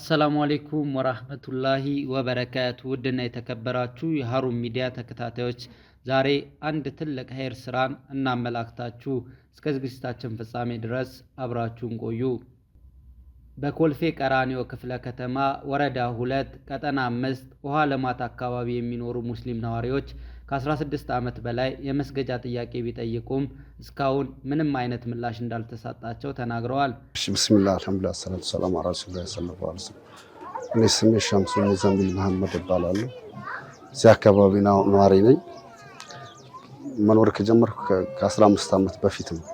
አሰላሙ አሌይኩም ወራህመቱላሂ ወበረካቱ። ውድና የተከበራችሁ የሀሩን ሚዲያ ተከታታዮች ዛሬ አንድ ትልቅ ኸይር ስራን እናመላክታችሁ። እስከ ዝግጅታችን ፍጻሜ ድረስ አብራችሁን ቆዩ። በኮልፌ ቀራኒዮ ክፍለ ከተማ ወረዳ ሁለት ቀጠና አምስት ውሃ ልማት አካባቢ የሚኖሩ ሙስሊም ነዋሪዎች ከ16 ዓመት በላይ የመስገጃ ጥያቄ ቢጠይቁም እስካሁን ምንም አይነት ምላሽ እንዳልተሰጣቸው ተናግረዋል። ብስሚላ አልሐምዱላ ሰላቱ ሰላም አራሱላ አራ እኔ ስሜ ሻምሱ ሙዘሚል መሐመድ ይባላሉ። እዚህ አካባቢ ነዋሪ ነኝ። መኖር ከጀመርኩ ከ15 ዓመት በፊት ነው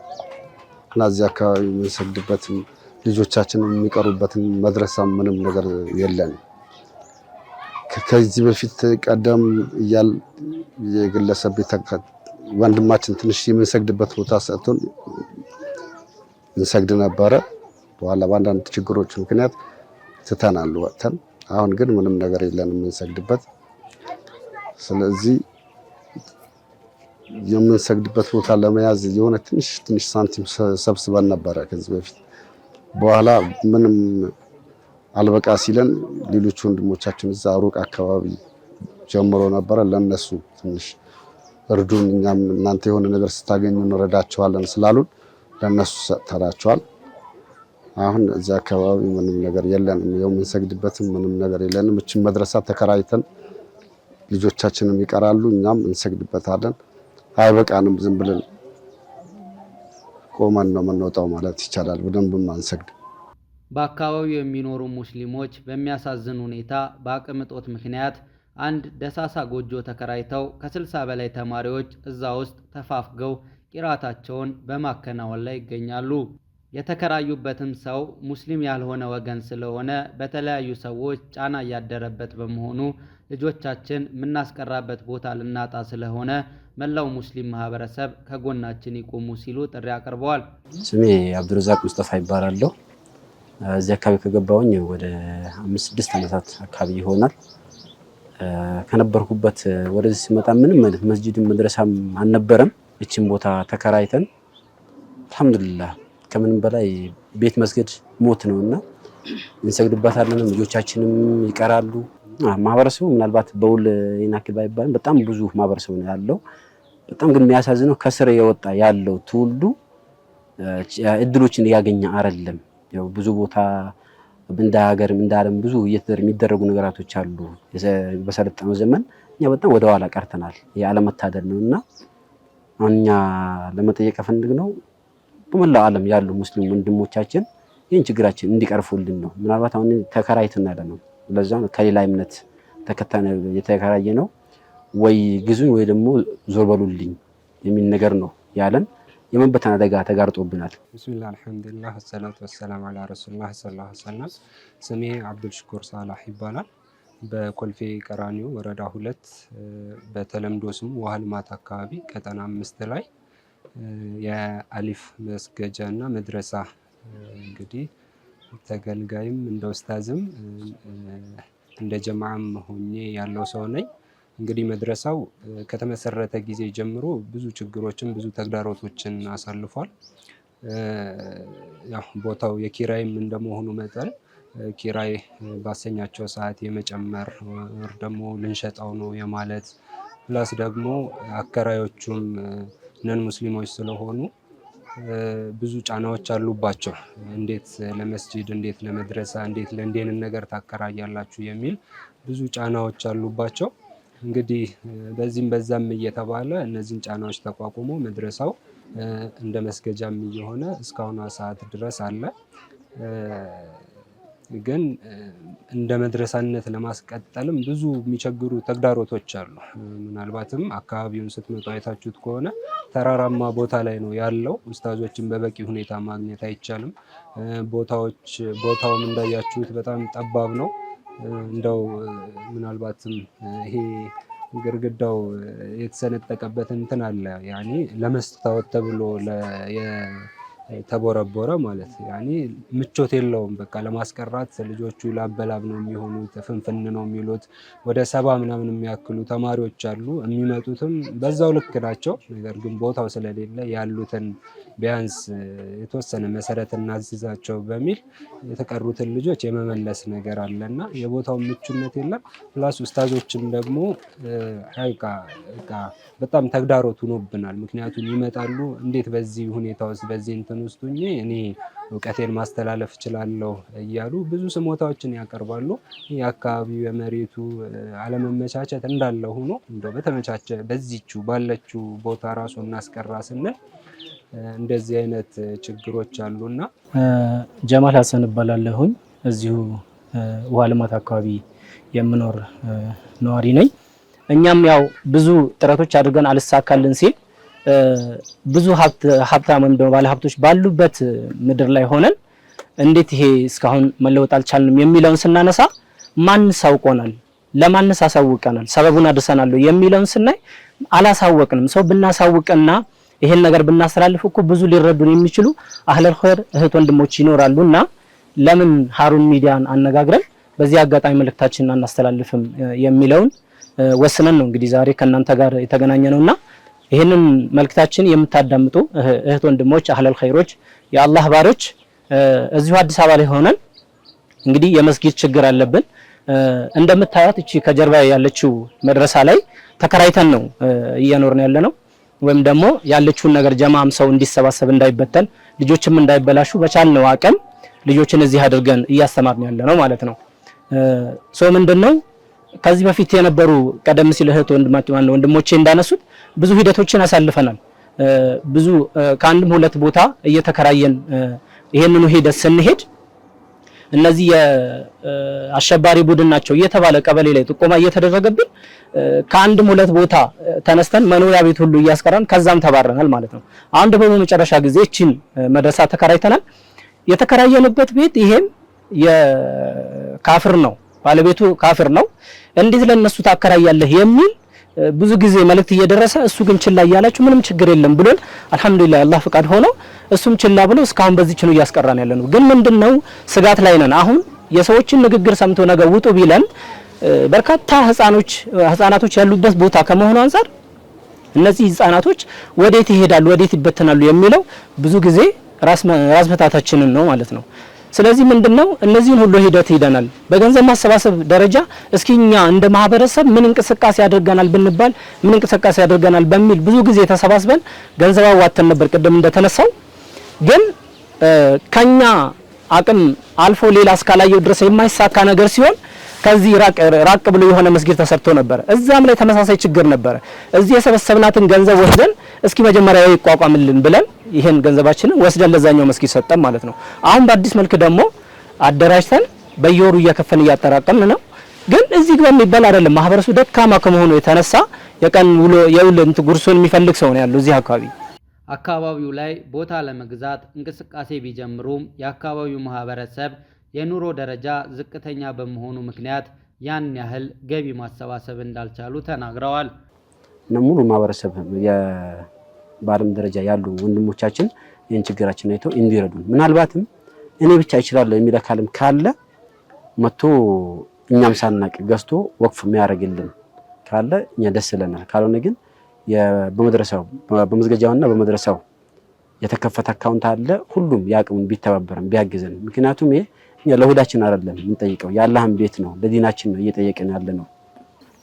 እና እዚህ አካባቢ የምንሰግድበትን ልጆቻችን የሚቀሩበትን መድረሳ ምንም ነገር የለንም። ከዚህ በፊት ቀደም እያል የግለሰብ ቤት ወንድማችን ትንሽ የምንሰግድበት ቦታ ሰጥቶን እንሰግድ ነበረ። በኋላ በአንዳንድ ችግሮች ምክንያት ትተናል ወጥተን። አሁን ግን ምንም ነገር የለን የምንሰግድበት። ስለዚህ የምንሰግድበት ቦታ ለመያዝ የሆነ ትንሽ ትንሽ ሳንቲም ሰብስበን ነበረ ከዚህ በፊት በኋላ ምንም አልበቃ ሲለን ሌሎች ወንድሞቻችን እዛ ሩቅ አካባቢ ጀምሮ ነበረ። ለነሱ ትንሽ እርዱን፣ እኛም እናንተ የሆነ ነገር ስታገኙ እንረዳቸዋለን ስላሉን ለነሱ ሰጥተናቸዋል። አሁን እዚ አካባቢ ምንም ነገር የለንም፣ የምንሰግድበትም ምንም ነገር የለንም። እችን መድረሳ ተከራይተን ልጆቻችንም ይቀራሉ፣ እኛም እንሰግድበታለን። አይበቃንም፣ ዝም ብለን ቆመን ነው የምንወጣው ማለት ይቻላል። በደንብም አንሰግድ በአካባቢው የሚኖሩ ሙስሊሞች በሚያሳዝን ሁኔታ በአቅም እጦት ምክንያት አንድ ደሳሳ ጎጆ ተከራይተው ከስልሳ በላይ ተማሪዎች እዛ ውስጥ ተፋፍገው ቂራታቸውን በማከናወን ላይ ይገኛሉ። የተከራዩበትም ሰው ሙስሊም ያልሆነ ወገን ስለሆነ በተለያዩ ሰዎች ጫና እያደረበት በመሆኑ ልጆቻችን የምናስቀራበት ቦታ ልናጣ ስለሆነ መላው ሙስሊም ማህበረሰብ ከጎናችን ይቆሙ ሲሉ ጥሪ አቅርበዋል። ስሜ አብዱረዛቅ ሙስጠፋ ይባላለሁ። እዚህ አካባቢ ከገባውኝ ወደ አምስት ስድስት ዓመታት አካባቢ ይሆናል። ከነበርኩበት ወደዚህ ሲመጣ ምንም አይነት መስጅድም መድረሳም አልነበረም። እችን ቦታ ተከራይተን አልሐምዱሊላህ ከምንም በላይ ቤት መስገድ ሞት ነው እና እንሰግድባታለን። ልጆቻችንም ይቀራሉ። ማህበረሰቡ ምናልባት በውል ይናክል ባይባልም በጣም ብዙ ማህበረሰቡ ነው ያለው። በጣም ግን የሚያሳዝነው ከስር የወጣ ያለው ትውልዱ እድሎችን እያገኘ አይደለም። ያው ብዙ ቦታ እንደ ሀገርም እንደ ዓለም ብዙ የሚደረጉ ነገራቶች አሉ። በሰለጠነው ዘመን እኛ በጣም ወደ ኋላ ቀርተናል። የአለመታደል ነው እና አሁን እኛ ለመጠየቅ የፈለግ ነው በመላው ዓለም ያሉ ሙስሊም ወንድሞቻችን ይህን ችግራችን እንዲቀርፉልን ነው። ምናልባት አሁን ተከራይተን ያለ ነው። ለዛም ከሌላ እምነት ተከታይ የተከራየ ነው ወይ ግዙኝ ወይ ደግሞ ዞር በሉልኝ የሚል ነገር ነው ያለን። የመበተን አደጋ ተጋርጦብናል። ብስሚላ አልሐምዱሊላህ ሰላቱ ወሰላም አላ ረሱሉላህ ሰለላሁ ዐለይሂ ወሰለም። ስሜ አብዱልሽኩር ሳላህ ይባላል። በኮልፌ ቀራኒዮ ወረዳ ሁለት በተለምዶ ስሙ ውሃ ልማት አካባቢ ቀጠና አምስት ላይ የአሊፍ መስገጃ እና መድረሳ እንግዲህ ተገልጋይም እንደ ኡስታዝም እንደ ጀማዓም ሆኜ ያለው ሰው ነኝ። እንግዲህ መድረሳው ከተመሰረተ ጊዜ ጀምሮ ብዙ ችግሮችን ብዙ ተግዳሮቶችን አሳልፏል። ያው ቦታው የኪራይም እንደመሆኑ መጠን ኪራይ ባሰኛቸው ሰዓት የመጨመር ደግሞ ልንሸጠው ነው የማለት ፕላስ ደግሞ አከራዮቹም ነን ሙስሊሞች ስለሆኑ ብዙ ጫናዎች አሉባቸው። እንዴት ለመስጂድ፣ እንዴት ለመድረሳ፣ እንዴት ለእንዴንን ነገር ታከራያላችሁ የሚል ብዙ ጫናዎች አሉባቸው። እንግዲህ በዚህም በዛም እየተባለ እነዚህን ጫናዎች ተቋቁሞ መድረሳው እንደ መስገጃም እየሆነ እስካሁኗ ሰዓት ድረስ አለ። ግን እንደ መድረሳነት ለማስቀጠልም ብዙ የሚቸግሩ ተግዳሮቶች አሉ። ምናልባትም አካባቢውን ስትመጡ አይታችሁት ከሆነ ተራራማ ቦታ ላይ ነው ያለው። ኡስታዞችን በበቂ ሁኔታ ማግኘት አይቻልም። ቦታዎች ቦታውም እንዳያችሁት በጣም ጠባብ ነው። እንደው ምናልባትም ይሄ ግርግዳው የተሰነጠቀበት እንትን አለ ያኔ ለመስታወት ተብሎ ተቦረቦረ ማለት ያኔ ምቾት የለውም። በቃ ለማስቀራት ልጆቹ ላበላብ ነው የሚሆኑት፣ ፍንፍን ነው የሚሉት። ወደ ሰባ ምናምን የሚያክሉ ተማሪዎች አሉ። የሚመጡትም በዛው ልክ ናቸው። ነገር ግን ቦታው ስለሌለ ያሉትን ቢያንስ የተወሰነ መሰረት እናዝዛቸው በሚል የተቀሩትን ልጆች የመመለስ ነገር አለና የቦታው ምቹነት የለም። ፕላስ ውስታዞችም ደግሞ በጣም ተግዳሮት ሆኖብናል። ምክንያቱም ይመጣሉ እንዴት በዚህ ሁኔታ ውስጥ በዚህ እንትን እንትን ውስጥ ሁኜ እኔ እውቀቴን ማስተላለፍ እችላለሁ እያሉ ብዙ ስሞታዎችን ያቀርባሉ። የአካባቢው የመሬቱ አለመመቻቸት እንዳለ ሆኖ እንደው በተመቻቸ በዚችው ባለችው ቦታ ራሱ እናስቀራ ስንል እንደዚህ አይነት ችግሮች አሉና። ጀማል ሀሰን እባላለሁኝ እዚሁ ውሃ ልማት አካባቢ የምኖር ነዋሪ ነኝ። እኛም ያው ብዙ ጥረቶች አድርገን አልሳካልን ሲል ብዙ ሀብታም ወይም ባለ ሀብቶች ባሉበት ምድር ላይ ሆነን እንዴት ይሄ እስካሁን መለወጥ አልቻልንም የሚለውን ስናነሳ ማንስ አውቆናል፣ ለማንስ አሳውቀናል፣ ሰበቡን አድርሰናል የሚለውን ስናይ አላሳወቅንም። ሰው ብናሳውቅና ይሄን ነገር ብናስተላልፍ እኮ ብዙ ሊረዱን የሚችሉ አህለል ኸይር እህት ወንድሞች ይኖራሉ እና ለምን ሀሩን ሚዲያን አነጋግረን በዚህ አጋጣሚ መልእክታችንን አናስተላልፍም የሚለውን ወስነን ነው እንግዲህ ዛሬ ከእናንተ ጋር የተገናኘ ነውና ይህንን መልክታችን የምታዳምጡ እህት ወንድሞች፣ አህለል ኸይሮች፣ የአላህ ባሮች እዚሁ አዲስ አበባ ላይ ሆነን እንግዲህ የመስጊድ ችግር አለብን። እንደምታያት እቺ ከጀርባ ያለችው መድረሳ ላይ ተከራይተን ነው እየኖርን ያለ ነው። ወይም ደግሞ ያለችውን ነገር ጀማም ሰው እንዲሰባሰብ እንዳይበተን፣ ልጆችም እንዳይበላሹ በቻልነው አቅም ልጆችን እዚህ አድርገን እያስተማርን ያለ ነው ማለት ነው። ሶ ምንድነው ከዚህ በፊት የነበሩ ቀደም ሲል እህት ወንድማችን ወንድሞቼ እንዳነሱት ብዙ ሂደቶችን አሳልፈናል። ብዙ ከአንድም ሁለት ቦታ እየተከራየን ይሄንኑ ሂደት ስንሄድ እነዚህ የአሸባሪ ቡድን ናቸው እየተባለ ቀበሌ ላይ ጥቆማ እየተደረገብን ከአንድም ሁለት ቦታ ተነስተን መኖሪያ ቤት ሁሉ እያስቀረን ከዛም ተባረናል ማለት ነው። አንድ በመጨረሻ ጊዜ እቺን መድረሳ ተከራይተናል። የተከራየንበት ቤት ይሄም የካፍር ነው፣ ባለቤቱ ካፍር ነው። እንዴት ለነሱ ታከራያለህ የሚል ብዙ ጊዜ መልእክት እየደረሰ እሱ ግን ችላ እያላችሁ ምንም ችግር የለም ብሎን አልሐምዱሊላህ አላህ ፍቃድ ሆኖ እሱም ችላ ብሎ እስካሁን በዚህ ችኑ እያስቀራን ያለ ነው። ግን ምንድነው ስጋት ላይ ነን። አሁን የሰዎችን ንግግር ሰምቶ ነገር ውጡ ቢለን በርካታ ህፃኖች ህፃናቶች ያሉበት ቦታ ከመሆኑ አንጻር እነዚህ ህፃናቶች ወዴት ይሄዳሉ፣ ወዴት ይበተናሉ የሚለው ብዙ ጊዜ ራስ መታታችንን ነው ማለት ነው። ስለዚህ ምንድነው እነዚህን ሁሉ ሂደት ሂደናል። በገንዘብ ማሰባሰብ ደረጃ እስኪ እኛ እንደ ማህበረሰብ ምን እንቅስቃሴ ያደርገናል ብንባል ምን እንቅስቃሴ ያደርገናል በሚል ብዙ ጊዜ ተሰባስበን ገንዘብ አዋተን ነበር። ቅድም እንደተነሳው ግን ከኛ አቅም አልፎ ሌላ እስካላየው ድረስ የማይሳካ ነገር ሲሆን ከዚህ ራቅ ራቅ ብሎ የሆነ መስጊድ ተሰርቶ ነበረ። እዛም ላይ ተመሳሳይ ችግር ነበረ። እዚህ የሰበሰብናትን ገንዘብ ወስደን እስኪ መጀመሪያ ይቋቋምልን ብለን ይሄን ገንዘባችንን ወስደን ለዛኛው መስጊድ ሰጠን ማለት ነው። አሁን በአዲስ መልክ ደግሞ አደራጅተን በየወሩ እያከፈን እያጠራቀምን ነው። ግን እዚህ ግባ የሚባል አይደለም። ማህበረሰቡ ደካማ ከመሆኑ የተነሳ የቀን ውሎ የውልንት እንትን ጉርሱን የሚፈልግ ሰው ነው ያለው እዚህ አካባቢ። አካባቢው ላይ ቦታ ለመግዛት እንቅስቃሴ ቢጀምሩም የአካባቢው ማህበረሰብ የኑሮ ደረጃ ዝቅተኛ በመሆኑ ምክንያት ያን ያህል ገቢ ማሰባሰብ እንዳልቻሉ ተናግረዋል። እና ሙሉ ማህበረሰብ በዓለም ደረጃ ያሉ ወንድሞቻችን ይህን ችግራችን አይተው እንዲረዱ ምናልባትም እኔ ብቻ ይችላለሁ የሚል አካልም ካለ መጥቶ እኛም ሳናቅ ገዝቶ ወቅፍ የሚያደርግልን ካለ እኛ ደስ ይለናል። ካልሆነ ግን በመድረሰው በመዝገጃውና በመድረሰው የተከፈተ አካውንት አለ። ሁሉም የአቅሙን ቢተባበረን ቢያግዘን። ምክንያቱም ይሄ እኛ ለሁዳችን አይደለም የምንጠይቀው፣ የአላህን ቤት ነው ለዲናችን ነው እየጠየቅን ያለ ነው።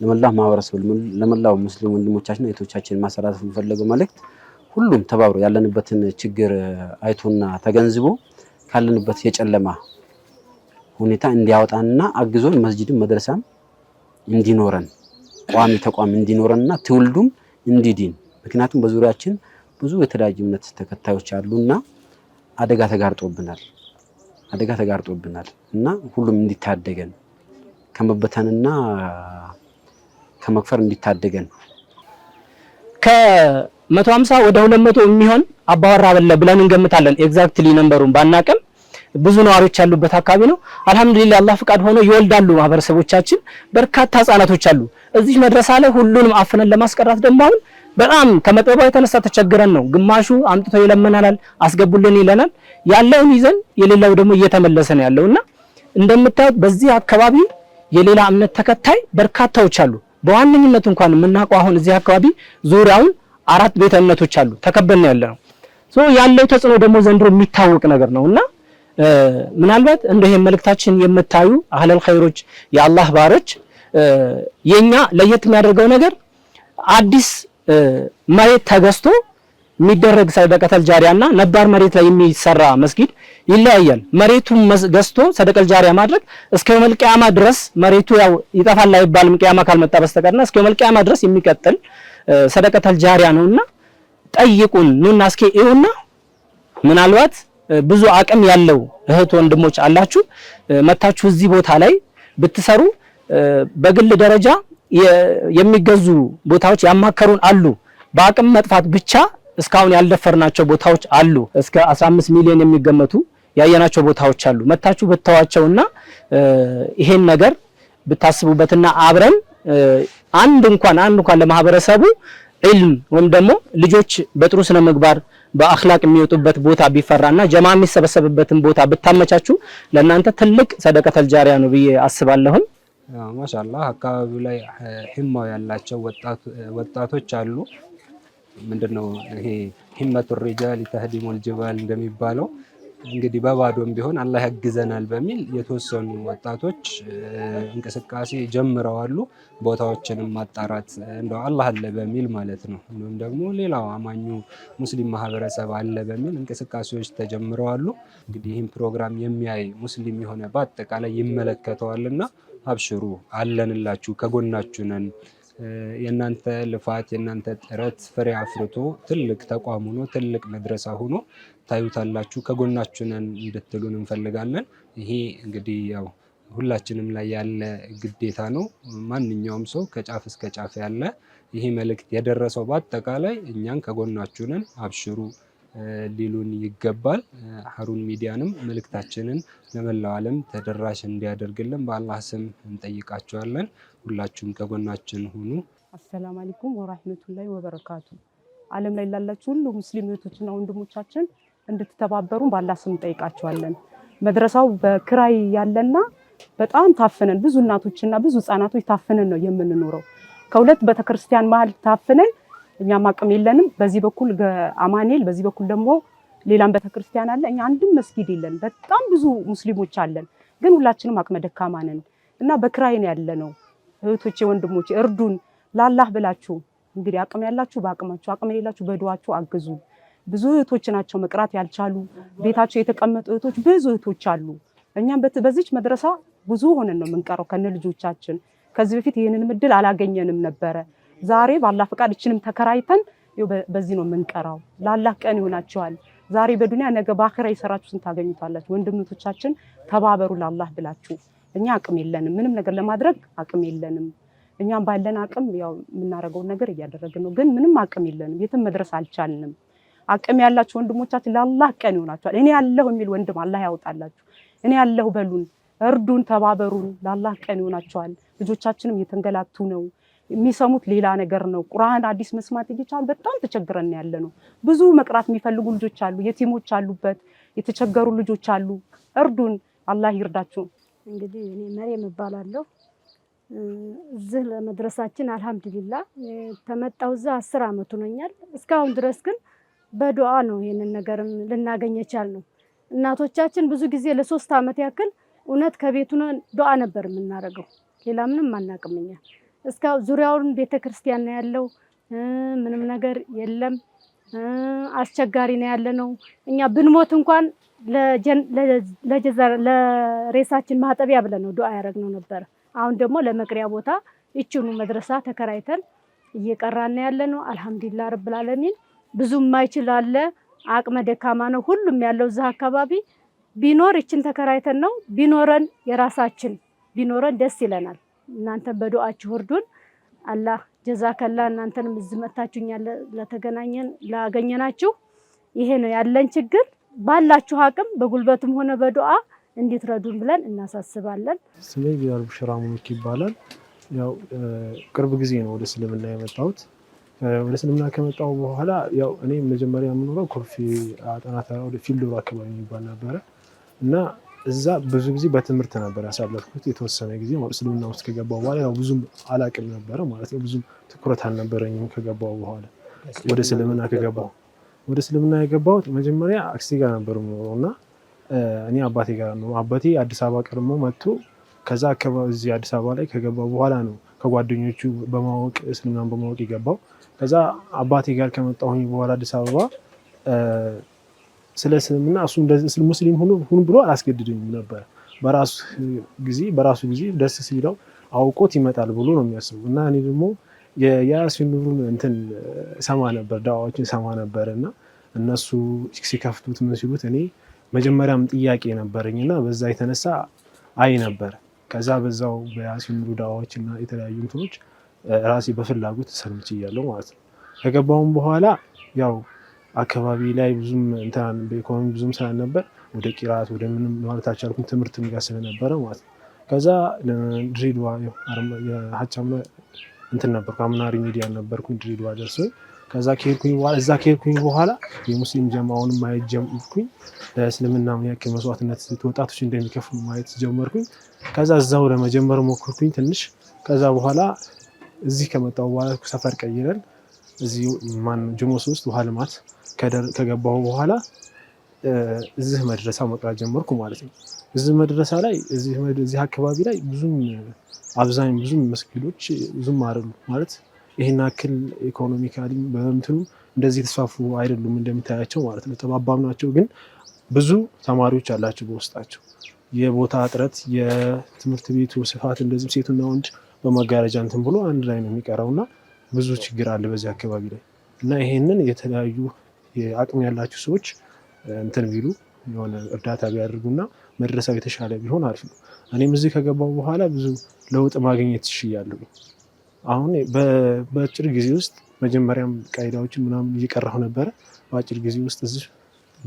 ለመላው ማህበረሰብ ለመላው ሙስሊም ወንድሞቻችን እህቶቻችን ማሰራት የምፈልገው መልእክት ሁሉም ተባብሮ ያለንበትን ችግር አይቶና ተገንዝቦ ካለንበት የጨለማ ሁኔታ እንዲያወጣንና አግዞን መስጅድም መድረሳም እንዲኖረን ቋሚ ተቋም እንዲኖረንና ትውልዱም እንዲድን። ምክንያቱም በዙሪያችን ብዙ የተለያዩ እምነት ተከታዮች አሉና አደጋ ተጋርጦብናል አደጋ ተጋርጦብናል እና ሁሉም እንዲታደገን ከመበተንና ከመክፈር እንዲታደገን ከመቶ ሀምሳ ወደ ሁለት መቶ የሚሆን አባወራ በለ ብለን እንገምታለን። ኤግዛክትሊ ነንበሩን ባናቅም ብዙ ነዋሪዎች ያሉበት አካባቢ ነው። አልሐምዱሊላህ አላህ ፍቃድ ሆኖ ይወልዳሉ ማህበረሰቦቻችን። በርካታ ህጻናቶች አሉ እዚህ መድረሳ ላይ። ሁሉንም አፍነን ለማስቀራት ደግሞ አሁን በጣም ከመጥበባ የተነሳ ተቸግረን ነው። ግማሹ አምጥቶ ይለመናል፣ አስገቡልን ይለናል። ያለውን ይዘን የሌላው ደግሞ እየተመለሰ ነው ያለውና እንደምታዩት በዚህ አካባቢ የሌላ እምነት ተከታይ በርካታዎች አሉ። በዋነኝነት እንኳን የምናውቀው አሁን እዚህ አካባቢ ዙሪያውን አራት ቤተ እምነቶች አሉ። ተከበልን ያለ ነው ያለው ተጽዕኖ ደግሞ ዘንድሮ የሚታወቅ ነገር ነው እና ምናልባት እንደ ይሄን መልእክታችን የምታዩ አህለል ኸይሮች የአላህ ባሮች የኛ ለየት የሚያደርገው ነገር አዲስ መሬት ተገዝቶ የሚደረግ ሰደቀተል ጃሪያና ነባር መሬት ላይ የሚሰራ መስጊድ ይለያያል። መሬቱን ገዝቶ ሰደቀል ጃሪያ ማድረግ እስከ መልቂያማ ድረስ መሬቱ ያው ይጠፋል አይባልም፣ ቂያማ ካልመጣ በስተቀርና እስከ መልቂያማ ድረስ የሚቀጥል ሰደቀተል ጃሪያ ነውና ጠይቁን ኑና እስኪ እዩና ምናልባት ብዙ አቅም ያለው እህት ወንድሞች አላችሁ መታችሁ እዚህ ቦታ ላይ ብትሰሩ በግል ደረጃ የሚገዙ ቦታዎች ያማከሩን አሉ። በአቅም መጥፋት ብቻ እስካሁን ያልደፈርናቸው ቦታዎች አሉ። እስከ 15 ሚሊዮን የሚገመቱ ያየናቸው ቦታዎች አሉ። መታችሁ ብታዋቸውና ይሄን ነገር ብታስቡበትና አብረን አንድ እንኳን አንድ እንኳን ለማህበረሰቡ ዒልም ወይም ደግሞ ልጆች በጥሩ ስነ ምግባር በአኽላቅ የሚወጡበት ቦታ ቢፈራና ጀማ የሚሰበሰብበትን ቦታ ብታመቻችሁ ለእናንተ ትልቅ ሰደቀተል ጃሪያ ነው ብዬ አስባለሁኝ። ማሻአላህ አካባቢው ላይ ሕማው ያላቸው ወጣቶች አሉ። ምንድነው ይሄ ሂመቱ ሪጃል ተህዲሙል ጅባል እንደሚባለው እንግዲህ በባዶም ቢሆን አላህ ያግዘናል በሚል የተወሰኑ ወጣቶች እንቅስቃሴ ጀምረዋሉ። ቦታዎችንም ማጣራት እንደው አላህ አለ በሚል ማለት ነው። እንዲሁም ደግሞ ሌላው አማኙ ሙስሊም ማህበረሰብ አለ በሚል እንቅስቃሴዎች ተጀምረዋሉ። እንግዲህ ይህም ፕሮግራም የሚያይ ሙስሊም የሆነ በአጠቃላይ ይመለከተዋልና አብሽሩ፣ አለንላችሁ፣ ከጎናችሁ ነን የእናንተ ልፋት የእናንተ ጥረት ፍሬ አፍርቶ ትልቅ ተቋም ሆኖ ትልቅ መድረሳ ሆኖ ታዩታላችሁ። ከጎናችሁ ነን እንድትሉን እንፈልጋለን። ይሄ እንግዲህ ያው ሁላችንም ላይ ያለ ግዴታ ነው። ማንኛውም ሰው ከጫፍ እስከ ጫፍ ያለ ይሄ መልእክት የደረሰው በአጠቃላይ እኛን ከጎናችሁ ነን፣ አብሽሩ ሊሉን ይገባል። ሀሩን ሚዲያንም መልእክታችንን ለመላው ዓለም ተደራሽ እንዲያደርግልን በአላህ ስም እንጠይቃቸዋለን። ሁላችሁም ከጎናችን ሁኑ። አሰላም አለይኩም ወራህመቱላሂ ወበረካቱ። ዓለም ላይ ላላችሁ ሁሉ ሙስሊም እህቶችና ወንድሞቻችን እንድትተባበሩን በአላህ ስም እንጠይቃቸዋለን። መድረሳው በክራይ ያለና በጣም ታፍነን ብዙ እናቶችና ብዙ ህጻናቶች ታፍነን ነው የምንኖረው። ከሁለት ቤተክርስቲያን መሀል ታፍነን እኛም አቅም የለንም። በዚህ በኩል አማኔል፣ በዚህ በኩል ደግሞ ሌላም ቤተክርስቲያን አለ። እኛ አንድም መስጊድ የለን። በጣም ብዙ ሙስሊሞች አለን፣ ግን ሁላችንም አቅመ ደካማ ነን እና በክራይን ያለ ነው። እህቶቼ ወንድሞቼ፣ እርዱን ላላህ ብላችሁ እንግዲህ አቅም ያላችሁ በአቅማችሁ፣ አቅም የሌላችሁ በድዋችሁ አግዙ። ብዙ እህቶች ናቸው መቅራት ያልቻሉ ቤታቸው የተቀመጡ እህቶች ብዙ እህቶች አሉ። እኛም በዚች መድረሳ ብዙ ሆነን ነው የምንቀረው ከነ ልጆቻችን። ከዚህ በፊት ይህንን ምድል አላገኘንም ነበረ። ዛሬ በአላህ ፈቃድ እችንም ተከራይተን በዚህ ነው የምንቀራው። ለአላህ ቀን ይሆናችኋል። ዛሬ በዱንያ ነገ በአኺራ የሰራችሁትን ታገኙታላችሁ። ወንድምቶቻችን ተባበሩ ለአላህ ብላችሁ። እኛ አቅም የለንም፣ ምንም ነገር ለማድረግ አቅም የለንም። እኛም ባለን አቅም ያው የምናደርገውን ነገር እያደረግን ነው፣ ግን ምንም አቅም የለንም። የትም መድረስ አልቻልንም። አቅም ያላችሁ ወንድሞቻችን ለአላህ ቀን ይሆናችኋል። እኔ ያለሁ የሚል ወንድም አላህ ያውጣላችሁ። እኔ ያለሁ በሉን፣ እርዱን፣ ተባበሩን። ላላህ ቀን ይሆናችኋል። ልጆቻችንም እየተንገላቱ ነው የሚሰሙት ሌላ ነገር ነው። ቁርአን አዲስ መስማት እየቻሉ በጣም ተቸግረን ያለ ነው። ብዙ መቅራት የሚፈልጉ ልጆች አሉ፣ የቲሞች አሉበት፣ የተቸገሩ ልጆች አሉ። እርዱን፣ አላህ ይርዳችሁ። እንግዲህ እኔ መሬም እባላለሁ። እዚህ ለመድረሳችን አልሐምዱሊላ ተመጣው እዛ አስር አመት ሆኖኛል። እስካሁን ድረስ ግን በዱዓ ነው ይህንን ነገርም ልናገኝ ነው። እናቶቻችን ብዙ ጊዜ ለሶስት አመት ያክል እውነት ከቤቱ ዱዓ ነበር የምናደርገው ሌላ ምንም አናቅምኛል እስከ ዙሪያውን ቤተ ክርስቲያን ነው ያለው። ምንም ነገር የለም። አስቸጋሪ ነው ያለ ነው። እኛ ብንሞት እንኳን ለሬሳችን ማጠቢያ ብለን ነው ዱዓ ያደረግነው ነበር። አሁን ደግሞ ለመቅሪያ ቦታ ይችኑ መድረሳ ተከራይተን እየቀራን ያለ ነው። አልሐምዱሊላ ረብል ዓለሚን። ብዙ የማይችል አለ፣ አቅመ ደካማ ነው ሁሉም ያለው እዛ አካባቢ። ቢኖር ይችን ተከራይተን ነው ቢኖረን የራሳችን ቢኖረን ደስ ይለናል። እናንተን በዱዓችሁ እርዱን። አላህ ጀዛከላ እናንተንም እዚህ መታችሁኛ ለተገናኘን ላገኘናችሁ። ይሄ ነው ያለን ችግር። ባላችሁ አቅም በጉልበትም ሆነ በዱዓ ረዱን ብለን እናሳስባለን። ስሜ ቢያር ቡሽራ ይባላል። ያው ቅርብ ጊዜ ነው ወደ እስልምና የመጣሁት። ወደ እስልምና ከመጣሁ በኋላ ያው እኔ መጀመሪያ የምኖረው ኮፊ አጠናተራ ወደ ፊልዶሮ አካባቢ የሚባል ነበረ እና እዛ ብዙ ጊዜ በትምህርት ነበር ያሳለፍኩት። የተወሰነ ጊዜ እስልምና ውስጥ ከገባ በኋላ ያው ብዙም አላቅም ነበረ ማለት ነው። ብዙም ትኩረት አልነበረኝም ከገባው በኋላ ወደ እስልምና ከገባው ወደ እስልምና የገባሁት መጀመሪያ አክስቴ ጋር ነበር የምኖረው እና እኔ አባቴ ጋር ነው። አባቴ አዲስ አበባ ቀድሞ መጥቶ ከዛ አካባቢ እዚህ አዲስ አበባ ላይ ከገባ በኋላ ነው ከጓደኞቹ በማወቅ እስልምናን በማወቅ የገባው። ከዛ አባቴ ጋር ከመጣሁኝ በኋላ አዲስ አበባ ስለ እስልምና እሱ ሙስሊም ሁኑ ብሎ አላስገድደኝም ነበር። በራሱ ጊዜ በራሱ ጊዜ ደስ ሲለው አውቆት ይመጣል ብሎ ነው የሚያስቡ እና እኔ ደግሞ የያሲን ኑሩን እንትን ሰማ ነበር፣ ዳዋዎችን ሰማ ነበር እና እነሱ ሲከፍቱት ምን ሲሉት እኔ መጀመሪያም ጥያቄ ነበረኝ እና በዛ የተነሳ አይ ነበር። ከዛ በዛው በያሲን ኑሩ ዳዋዎች እና የተለያዩ እንትኖች ራሴ በፍላጎት ሰምቼ እያለሁ ማለት ነው ከገባሁም በኋላ ያው አካባቢ ላይ ብዙም በኢኮኖሚ ብዙም ስላልነበር ወደ ቂራት ወደ ምንም ማለት አልቻልኩም። ትምህርት ጋር ስለነበረ ማለት ነው። ከዛ ድሬዳዋ የሀቻምና እንትን ነበርኩ አምናሪ ሚዲያ ነበርኩ ድሬዳዋ ደርሶ ከዛ ከሄድኩኝ በኋላ እዛ ከሄድኩኝ በኋላ የሙስሊም ጀማውን ማየት ጀምርኩኝ። ለእስልምና ምን ያክል መስዋዕትነት ወጣቶች እንደሚከፍሉ ማየት ጀመርኩኝ። ከዛ እዛው ለመጀመር ሞክርኩኝ ትንሽ። ከዛ በኋላ እዚህ ከመጣሁ በኋላ ሰፈር ቀይረን እዚህ ጅሞስ ውስጥ ውሃ ልማት ከገባሁ በኋላ እዚህ መድረሳ መቅራት ጀመርኩ ማለት ነው። እዚህ መድረሳ ላይ እዚህ አካባቢ ላይ ብዙም አብዛኝ ብዙም መስጊዶች ብዙም አይደሉ ማለት ይህን አክል ኢኮኖሚካሊ በምትሉ እንደዚህ የተስፋፉ አይደሉም እንደሚታያቸው ማለት ነው። ተባባም ናቸው፣ ግን ብዙ ተማሪዎች አላቸው በውስጣቸው። የቦታ እጥረት፣ የትምህርት ቤቱ ስፋት እንደዚህም ሴቱና ወንድ በመጋረጃ እንትን ብሎ አንድ ላይ ነው የሚቀረውና ብዙ ችግር አለ በዚህ አካባቢ ላይ እና ይሄንን የተለያዩ አቅም ያላቸው ሰዎች እንትን ቢሉ የሆነ እርዳታ ቢያደርጉና መድረሳው የተሻለ ቢሆን አሪፍ ነው። እኔም እዚህ ከገባው በኋላ ብዙ ለውጥ ማግኘት ይሽያለሁ። አሁን በአጭር ጊዜ ውስጥ መጀመሪያም ቃይዳዎችን ምናምን እየቀራሁ ነበረ። በአጭር ጊዜ ውስጥ እዚህ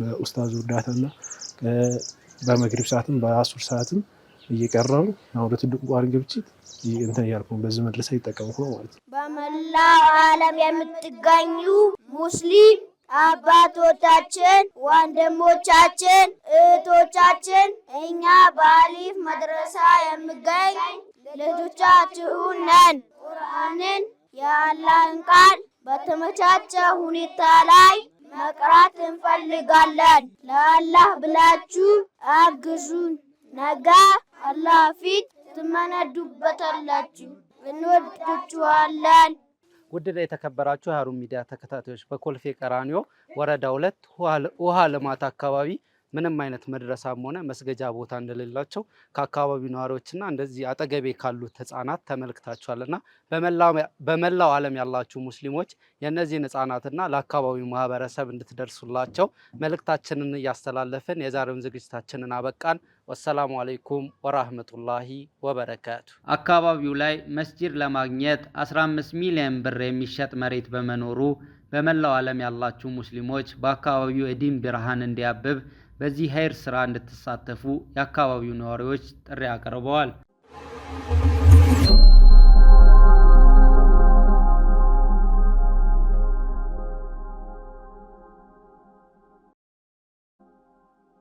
በኡስታዙ እርዳታና በመግሪብ ሰዓትም በአሱር ሰዓትም እየቀረሩ አሁን ለትልቁ ቋሪ እንትን እያልኩ በዚህ መድረሳ ይጠቀምኩ ነው ማለት ነው። በመላው ዓለም የምትገኙ ሙስሊም አባቶቻችን፣ ወንድሞቻችን፣ እህቶቻችን እኛ በአሊፍ መድረሳ የምገኝ ልጆቻችሁን ነን። ቁርአንን የአላህን ቃል በተመቻቸ ሁኔታ ላይ መቅራት እንፈልጋለን። ለአላህ ብላችሁ አግዙን። ነጋ አላህ ፊት ትመነዱበታላችሁ፣ እንወዳችኋለን። የተከበራችሁ የሀሩን ሚዲያ ተከታታዮች በኮልፌ ቀራኒዮ ወረዳ ሁለት ውሃ ልማት አካባቢ ምንም አይነት መድረሳም ሆነ መስገጃ ቦታ እንደሌላቸው ከአካባቢው ነዋሪዎችና እንደዚህ አጠገቤ ካሉት ህጻናት ተመልክታችኋልና በመላው ዓለም ያላችሁ ሙስሊሞች የእነዚህን ህጻናትና ለአካባቢው ማህበረሰብ እንድትደርሱላቸው መልእክታችንን እያስተላለፍን የዛሬውን ዝግጅታችንን አበቃን። ወሰላሙ አለይኩም ወራህመቱላሂ ወበረካቱ። አካባቢው ላይ መስጂድ ለማግኘት 15 ሚሊዮን ብር የሚሸጥ መሬት በመኖሩ በመላው ዓለም ያላችሁ ሙስሊሞች በአካባቢው የዲን ብርሃን እንዲያብብ በዚህ ኸይር ስራ እንድትሳተፉ የአካባቢው ነዋሪዎች ጥሪ አቅርበዋል።